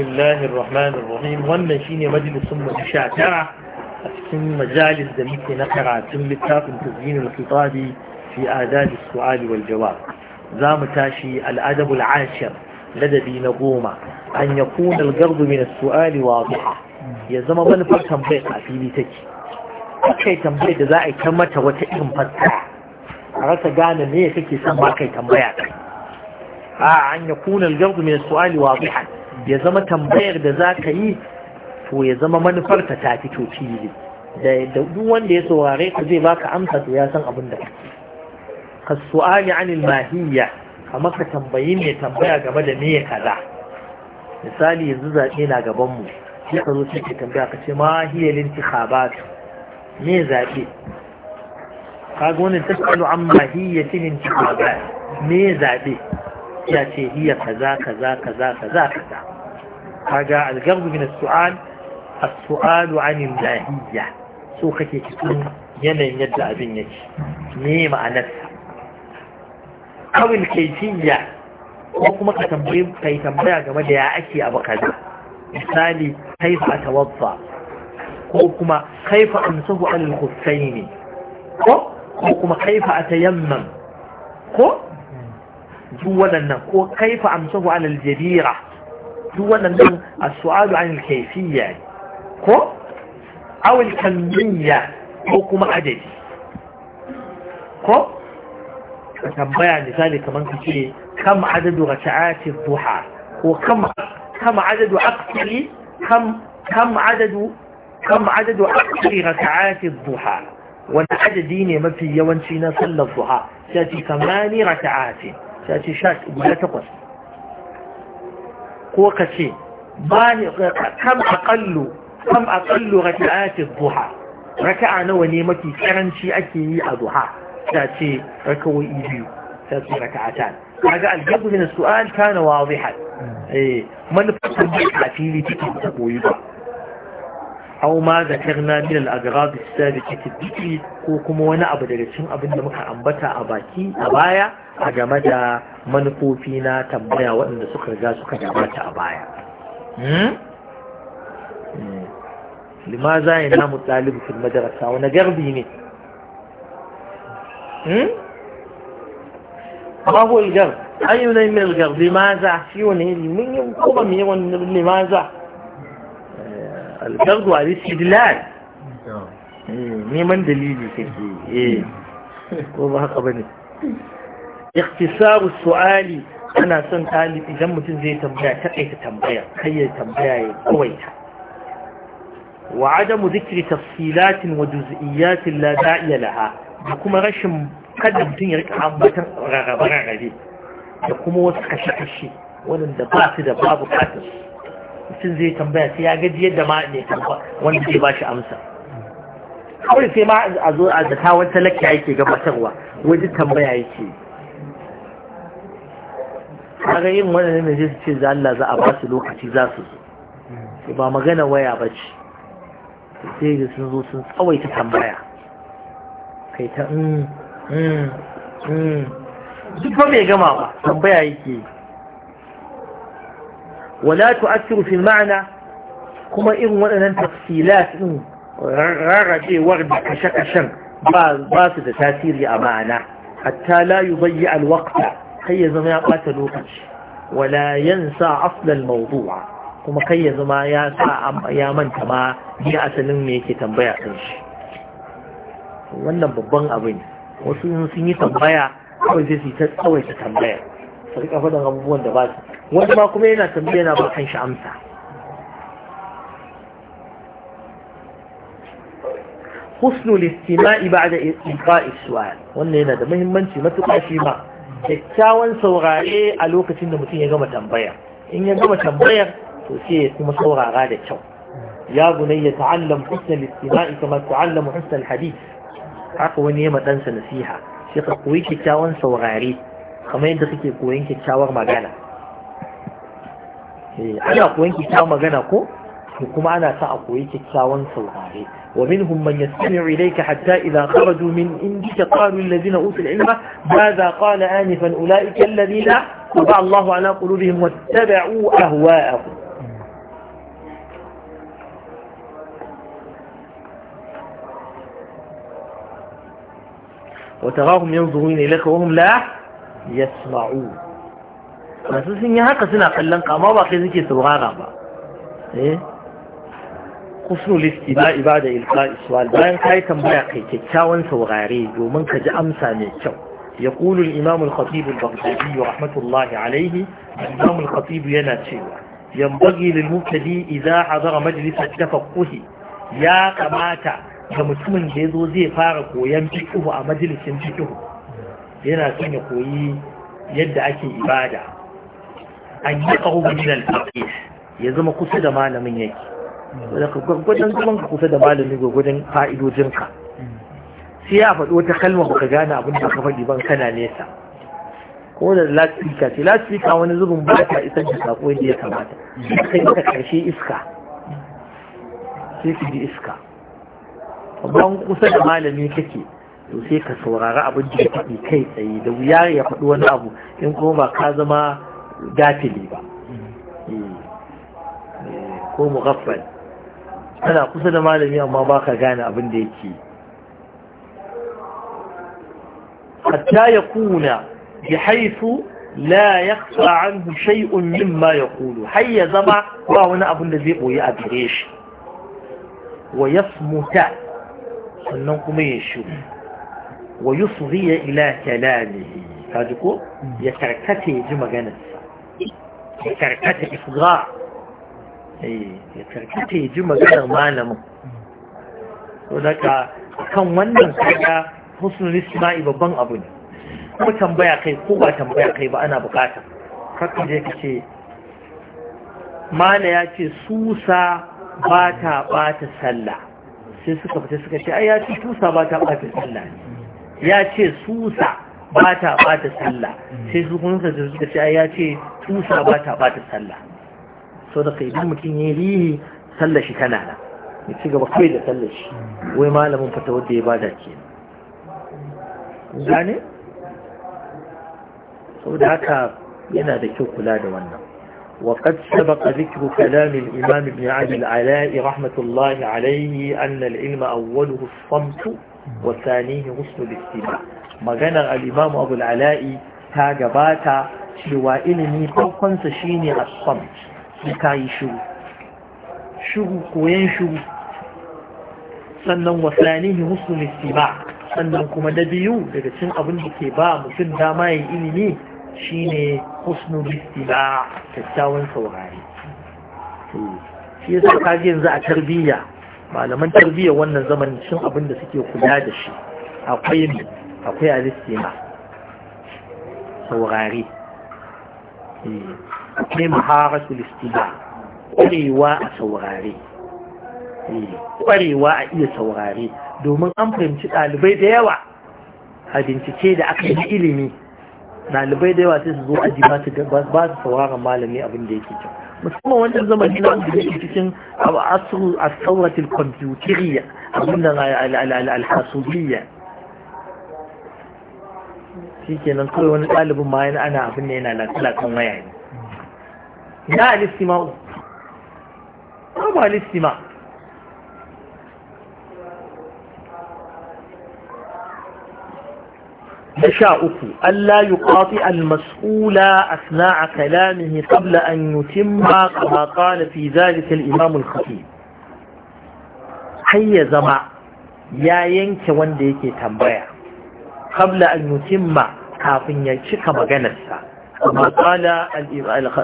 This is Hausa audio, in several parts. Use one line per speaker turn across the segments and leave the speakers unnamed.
بسم الله الرحمن الرحيم wannan shine majalisun mu sha tara a cikin majalis da muke na karatun littafin tazyinul khitabi fi adab as-su'al wal jawab zamu tashi al-adab al-ashir ladabi na goma an yakuna al-gard min as-su'al wadiha ya zama manufar tambayar a fili take kai tambayar da za a yi ta mata wata irin fassara a rasa gane me kake son ba kai tambaya kai a an yakuna al-gard min as-su'al wadihan ya zama tambayar da za ka yi to ya zama manufar ta fito fili da duk wanda ya saurare ka zai baka amsa to ya san abin da ka su'ali anil mahiyya kamar ka tambayi mai tambaya game da meye kaza misali yanzu zaɓe na gaban mu sai ka zo cikin tambaya ka ce mahiyya lintikhabat me zaɓe ka ga wannan tasalu an cikin lintikhabat me zaɓe ya ce hiya kaza kaza kaza kaza kaza kaga algarbu min as-su'al as-su'alu 'an lahiyya so kake cikin yanayin yadda abin yake me ma'anarsa kawil kaifiyya ko kuma ka tambayi kai tambaya game da ya ake abu kaza misali kaifa tawadda ko kuma kaifa amsahu al-khuffaini ko ko kuma kaifa atayammam ko duk waɗannan ko kaifa amsahu alal jabira duk nan a su'adu an kayfiyya ko aw al-kamiyya ko kuma adadi ko ka tambaya misali kaman ka ce kam adadu raka'ati duha ko kam adadu aqsari kam kam adadu kam adadu aqsari raka'ati duha wani adadi ne mafi yawanci na sallar duha sai ce kamani raka'ati sai ce sha guda takwas ko ka ce kam akallu raki a yakin duha raki a nawa ne mafi karanci ake yi a duha da ce raka wa'i biyu ta su a ta a ga algebu ne su'an ta na wa zai hal eh, manufatar da a fili ciki ta koyi ba au ma ga milal a gara da su ko kuma wani abu daga cin abin da muka ambata a baki a baya a game da manufofi na tambaya waɗanda suka riga suka gabata a baya hmm? hmm. limaza ya namu ɗalibin fil madarasa hmm? wani garbi ne babu ilgar ayyunan mai ilgar limaza shi wani mun yi kuma mai wani limaza الجرد eh, على Neman مين من eh, Ko ba haka ba ne? ikhtisaru su'ali ana son talib idan mutum zai tambaya ta kai ta tambaya kayyar ya tambaya ya ta wa adamu zikri tafsilatin wa juz'iyatin la da'iya laha da kuma rashin kada mutum ya rika ambatan rarrabe da kuma wasu kashe-kashe wanda ba su da babu katin mutum zai tambaya sai ya gaji yadda ma ne tamba wanda zai ba shi amsa kawai sai ma a zo a zata wata lakka yake gabatarwa wajen tambaya yake kaga yin wannan ne zai ce za Allah za a ba su lokaci za su zo hmm. ba magana waya ba ce sai da sun zo sun tsawaita tambaya kai ta mm, mm, mm. duk ba mai gama ba tambaya yake yi ولا تؤثر في المعنى كما da kashe تفصيلات ba su da tasiri a ma'ana. Hatta حتى bai yi الوقت kai ya zama ya ɓata lokaci wala yansa aslal mawdu'a kuma kai ya zama ya sa ya manta ma ya asalin me yake tambaya kan shi wannan babban abin wasu sun yi tambaya kawai zai su ta ta tambaya su rika faɗin abubuwan da ba su wani ma kuma yana tambaya na ba kan shi amsa husnul istima'i ba'da iqa'i su'al wannan yana da muhimmanci matuƙa shi ba kyakkyawan saurare a lokacin da mutum ya gama tambayar in ya gama tambayar to sai ya kuma saurara da kyau ya ya ta'allam husnal istima'i kama ta'allam husnal hadith haka wani ya madansa nasiha sai ka koyi kyakkyawan saurare kamar yadda kake koyon kyakkyawar magana eh, ana koyon kyakkyawar magana ko kuma ana sa a koyi kyakkyawan saurare ومنهم من يستمع إليك حتى إذا خرجوا من عندك قالوا الذين أوتوا العلم ماذا قال آنفا أولئك الذين طبع الله على قلوبهم واتبعوا أهواءهم وتراهم ينظرون إليك وهم لا يسمعون ما sun yi سنة قلنك kallon kama ba kai husnul istima'i ba ibada iswal bayan kayi tambaya kai kyakkyawan saurare domin ka ji amsa mai kyau ya kulu imam al-khatib al-baghdadi rahmatullahi alaihi imam al-khatib yana cewa yanbaghi lil mubtadi idza hadara majlis at-tafaqquh ya kamata ga mutumin da yazo zai fara koyan fiqh a majalisin fiqh yana son ya koyi yadda ake ibada an yi min al-faqih ya zama kusa da malamin yake daga gwaggwadon zaman ka kusa da malami gwaggwadon fa'idojinka sai ya faɗo ta kalma ka gane abin da ka faɗi ban kana nesa ko da lasfika ce lasfika wani zubin ba ta isar da sako yadda ya kamata sai ka karshe iska sai ka ji iska ban kusa da malami kake to sai ka saurara abin da ya faɗi kai tsaye da wuya ya faɗi wani abu in kuma ba ka zama dafili ba eh. Eh, ko mu mugaffal kana kusa da malami amma ba ka gane abin da yake hatta ya kuna bi haifu la ya kasa anhu shay'un mimma ya kulu har ya zama ba wani abin da zai boye a gare shi wa yasmuta sannan kuma ya shiru wa yi yusghiya ila kalamihi kaji ko ya karkata ya ji maganarsa ya karkata ya isgha Eh, ya karkata ya ji maganar malamin so daga kan wannan kaga husnul isma'i babban abu ne kuma tambaya kai ko ba tambaya kai ba ana bukata kakka je ka ce mala ya ce susa ba ta bata sallah sai suka fita suka ce ai ya ce susa ba ta bata sallah ya ce susa ba ta bata sallah sai su kuma suka ce ai ya ce susa ba ta bata sallah so da idan mutum ya rihi sallar shi tana nan ya ci gaba kai da sallar shi wai malamin fata wadda ya bada ke gane so da haka yana da kyau kula da wannan وقد سبق ذكر كلام الإمام ابن عبد العلاء رحمة الله عليه أن العلم أوله الصمت وثانيه غسل الاستماع مغنى الإمام أبو العلاء تاجباتا شوائلني فوقا سشيني الصمت da ka yi shuru shuru koyan shiru sannan wasanihi husnul ba sannan kuma da biyu daga cin abin da ke ba mutum dama yin ilimi shine husnul istiba kyakkyawan saurari shi yasa ka yanzu a tarbiyya malaman tarbiyya wannan zaman cin abin da suke kula da shi akwai akwai alistima saurari eh. akwai maharatul listiga ƙwarewa a saurare eh, ƙwarewa a iya saurare domin an fahimci ɗalibai da yawa a bincike da aka yi ilimi ɗalibai da yawa sai su zo aji ba su sauraron malami abin da yake kyau musamman wancan zamani na wanda yake cikin a sauratil kwamfutiriya abin da alhasubiyya shi kenan kawai wani ɗalibin ma yana ana abin da yana latsa kan waya ne لا الاستماع طبعا الاستماع يشاؤك ألا يقاطع المسؤول أثناء كلامه قبل أن يتم كما قال في ذلك الإمام الخطيب هيا زمع يا ينك ونديك تنبيع قبل أن يتم كافن يشك مغنسا كما قال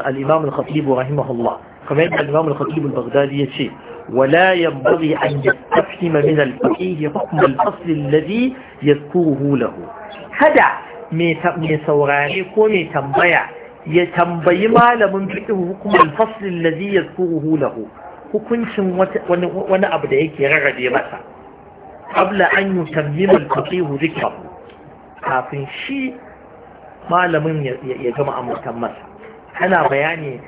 الإمام الخطيب رحمه الله كما يقول الإمام الخطيب البغدادي يشيء ولا ينبغي أن يستفهم من الفقيه حكم الأصل الذي يذكره له هذا من سوراني كومي تنبيع يتنبي ما لم فقه حكم الفصل الذي يذكره له hukuncin وانا abu da yake rarrabe masa qabla an yutammimu al-faqih dhikra malamin ya gama amurkan masa ana bayani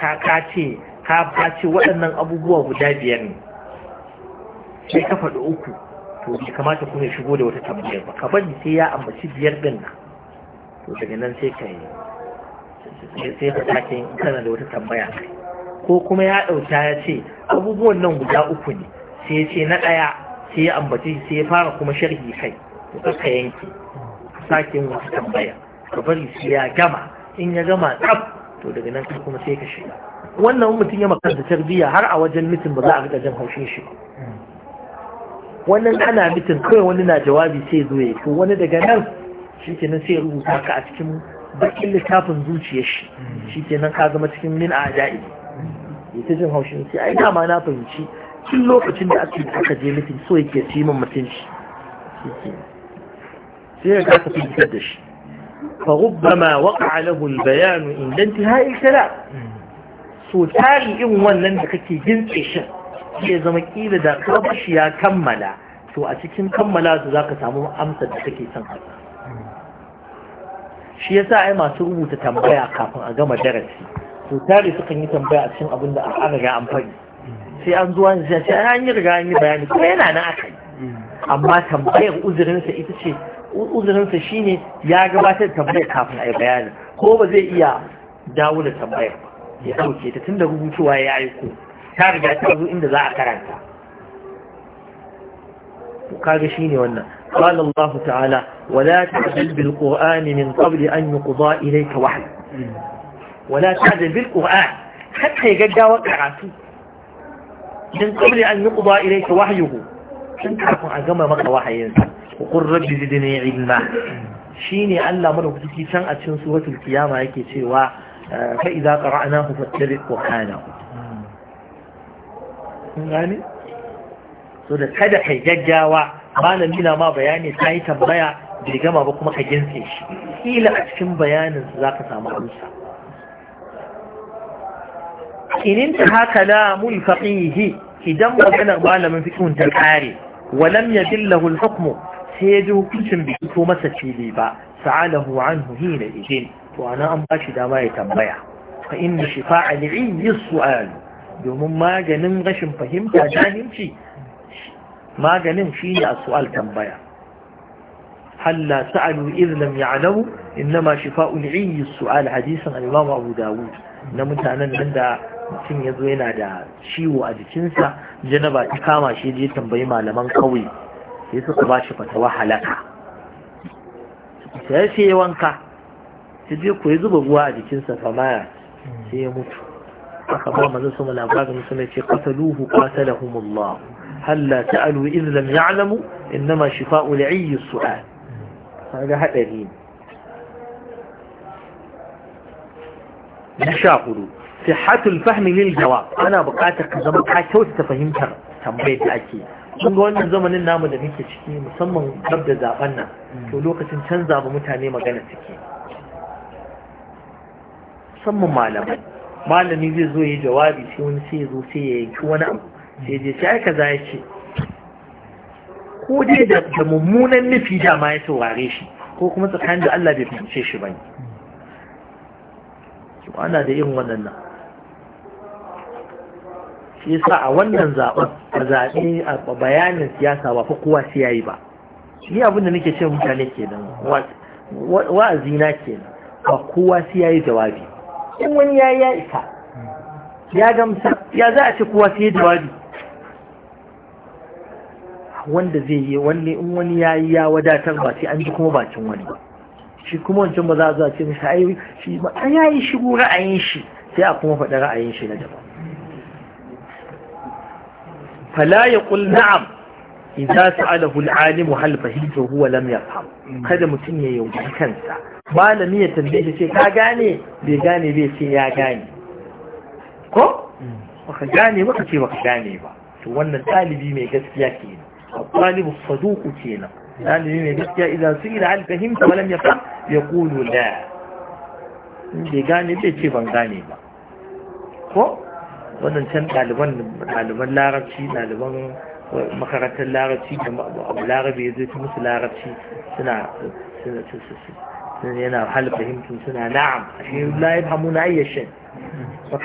ka ce ka ce waɗannan abubuwa guda biyar ne sai ka faɗi uku to bai kamata kuma ya shigo da wata tambayar ba ka bari sai ya ambaci biyar din nan to daga nan sai ka yi sai ka sake kana da wata tambaya ko kuma ya ɗauka ya ce abubuwan nan guda uku ne sai ya ce na ɗaya sai ya ambaci sai ya fara kuma sharhi kai to ka yanke sake yin wata tambaya ka bari sai ya gama in ya gama tsaf to daga nan kai kuma sai ka shiga wannan mutum ya makanta tarbiyya har a wajen mitin ba za a riƙa jan haushin shi wannan ana mitin kawai wani na jawabi sai zo ya to wani daga nan shi nan sai rubuta ka a cikin bakin littafin zuciyar
shi
shi nan ka zama cikin min a da'i ya ta jin haushin sai ai dama na fahimci tun lokacin da ake aka je mitin so yake su yi min mutunci sai ya kasa fitar da shi فربما وقع له البيان عند انتهاء الكلام so tari in wannan da kake jintse shi zai zama kila da kabashi ya kammala to a cikin kammala su za ka samu amsar da kake son haka shi ya sa ai masu rubuta tambaya kafin a gama darasi to tari sukan yi tambaya a cikin abin da an riga an fari sai an zuwa ne sai an yi riga an yi bayani kuma yana nan akai amma tambayar uzurinsa ita ce uzurinsa shine ya gabatar tambayar kafin a yi bayani ko ba zai iya dawo da tambayar ya ɗauke ta tun da rubutuwa ya aiko ta riga ta zo inda za a karanta kaga shine wannan قال الله تعالى ولا تعجل بالقرآن من قبل أن يقضى إليك وحي ولا تعجل بالقرآن حتى يجدى وقعاتي من قبل أن يقضى إليك وحيه انت عفو عزم مقى وحي ينسى وقل Allah زدني علما شيني can a كتكي شان أتشن سورة القيامة يكي شيوا فإذا قرأناه فاتبع قرآنه gane? so da kada kai gaggawa malami na ma bayani ta yi tambaya bai gama ba kuma ka ginse shi kila a cikin bayanin za ka samu amsa inin ta haka la mulfaqihi idan maganar malamin fikihun ta kare walam yadillahu al-hukmu sai ya ji hukuncin bai fito masa fili ba sa'alahu anhu hina idin to ana an bashi dama ya tambaya fa inna shifa'a li'i su'al domin maganin rashin fahimta jahilci maganin shine a su'al tambaya halla sa'alu idh lam ya'lamu innama shifa'u li'i su'al hadisan al-imam Abu Dawud na mutanen nan da mutum ya zo yana da ciwo a jikinsa janaba ta kama shi je tambayi malaman kauye sai suka ba shi fatawa halaka sai sai wanka ta je ku zuba ruwa a jikin famaya sai ya mutu aka ba maza su labarin su ne ce qataluhu qatalahumullah halla ta'alu idh lam ya'lamu innama shifa'u li'i su'al kaga hadari na sha hudu sihhatul fahmi lil jawab ana bukatar ka zama ka kyautata fahimtar tambayar da ake kun ga wannan zamanin namu da muke ciki musamman gab da zaben nan to lokacin canza ba mutane magana ciki musamman malamai malami zai zo ya jawabi sai wani sai ya zo sai ya yanki wani abu sai je sai za ya ce ko dai da mummunan nufi dama ya saurare shi ko kuma tsakanin da Allah bai fahimce shi ba bane ana da irin nan. shi yasa a wannan zaɓen a zaɓe a bayanin siyasa ba fa kowa sai yayi ba shi abin da nake ce mutane kenan wa'azi na kenan ba kowa sai yayi jawabi in wani ya ya isa ya gamsa ya za a ce kowa sai jawabi wanda zai yi wani in wani ya yi ya wadatar ba sai an ji kuma bakin wani ba shi kuma wancan ba za a a ce mishi ai shi ya yi shigo ra'ayin shi sai a kuma faɗi ra'ayin shi na daban fala ya qul na'am idza sa'alahu al-alim hal fahimta huwa lam yafham kada mutum ya yaudar kansa malami ya tambaye shi ce ka gane bai gane bai ce ya gane ko gane ce gane ba to wannan talibi mai gaskiya kenan talibu saduku kenan talibi mai gaskiya idan su ila hal fahimta walam yafham yaqulu la bai gane bai ce ban gane ba ko wannan can ɗaliban ɗaliban larabci ɗaliban makarantar larabci da abu larabe ya zai musu larabci suna yana hal fahimtun suna na'am ashe la yafhamu na ayyashin fa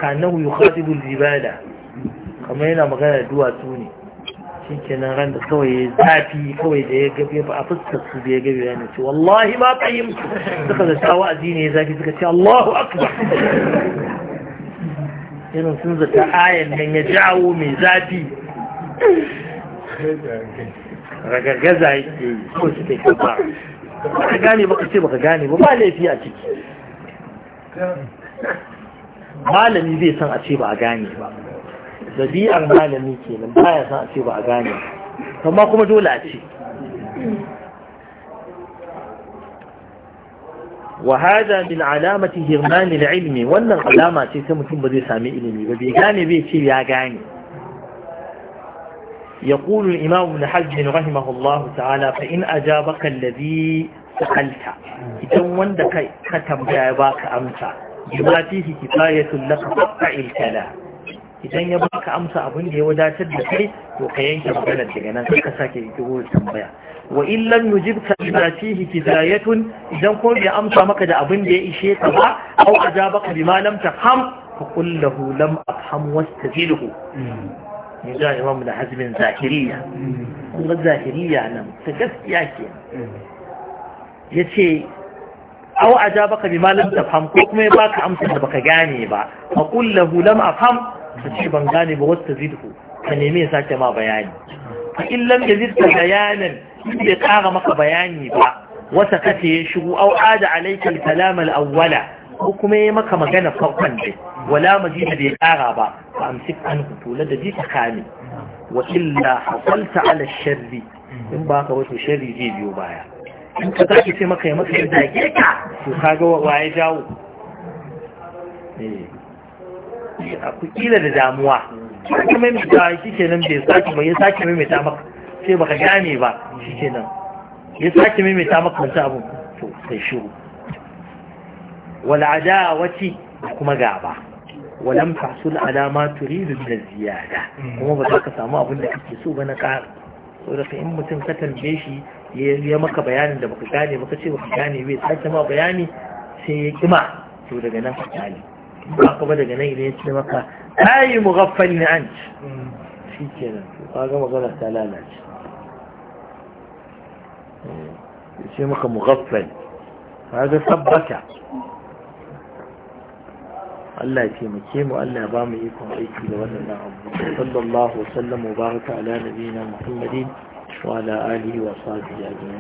kamar yana magana duwatsu ne shikenan ran da kawai zafi kawai da ya gabe ba a fuskar su da ya gabe yana ce wallahi ma fahimtu suka zata wa'azi ne ya zafi suka ce Allahu akbar irin sun zata ayan nan ya jawo mai zafi ragagaza yi ko su kai kafa ka gane ka ce ka gane ba ba laifi a ciki malami zai san a ce ba a gane ba dabi'ar malami ke nan baya san a ce ba a gane ba kuma dole a ce وهذا من علامة هرمان العلم وأن العلامة تسمتم بذي سامي إلمي وبيغاني بيتي يا غاني يقول الإمام ابن حزم رحمه الله تعالى فإن أجابك الذي سألت إتوان دك ختم جايباك أمسا بما فيه كفاية لك فقع الكلام idan ya baka amsa abin da ya wadatar da kai to ka yanke magana daga nan sai ka sake kiro tambaya wa illan nujibta bima fihi kidayatun idan ko bai amsa maka da abin da ya ishe ka ba aw ajabaka bima lam tafham fa qul lahu lam afham wastazidhu ne da imam da hazbin zahiriya kun ga zahiriya nan ta gaskiya ke yace aw ajabaka bima lam tafham ko kuma ya baka amsa da baka gane ba fa qul lahu lam afham ka ban gane ba wata zidhu ka neme ya sake ma bayani fa in lam yazid ka bayanan in bai kara maka bayani ba wata kace ya shigo au ada alayka al-kalam al-awwala ko kuma ya maka magana farkon dai wala da bai kara ba fa amsik an hutula da ji kame wa illa hasalta ala sharri in ba ka wato sharri zai biyo baya in ka zaki maka ya maka yadda ya ka to kaga wa ya jawo eh kila da damuwa shi mai shi kenan bai sake ba ya sake maimaita mai ta maka sai baka gane ba shi kenan ya sake maimaita mai ta maka wata abu to sai shiru wal adawati kuma gaba walam tahsul alama ma turidu min ziyada kuma ba za ka samu abin da kake so ba na ƙara saboda ka in mutum ka tambaye shi ya maka bayanin da baka gane baka ce baka gane bai sake ma bayani sai ya kima to daga nan ka kyale عقبه جنيه ليه تشتري مقهى هاي مغفلني انت في كده في طاقه مغلقه لا لا شيء مغفل هذا صبك الله يكرمكم والله يبارك فيكم ايتي لوالدنا
صلى الله وسلم وبارك على نبينا محمد وعلى اله وصحبه اجمعين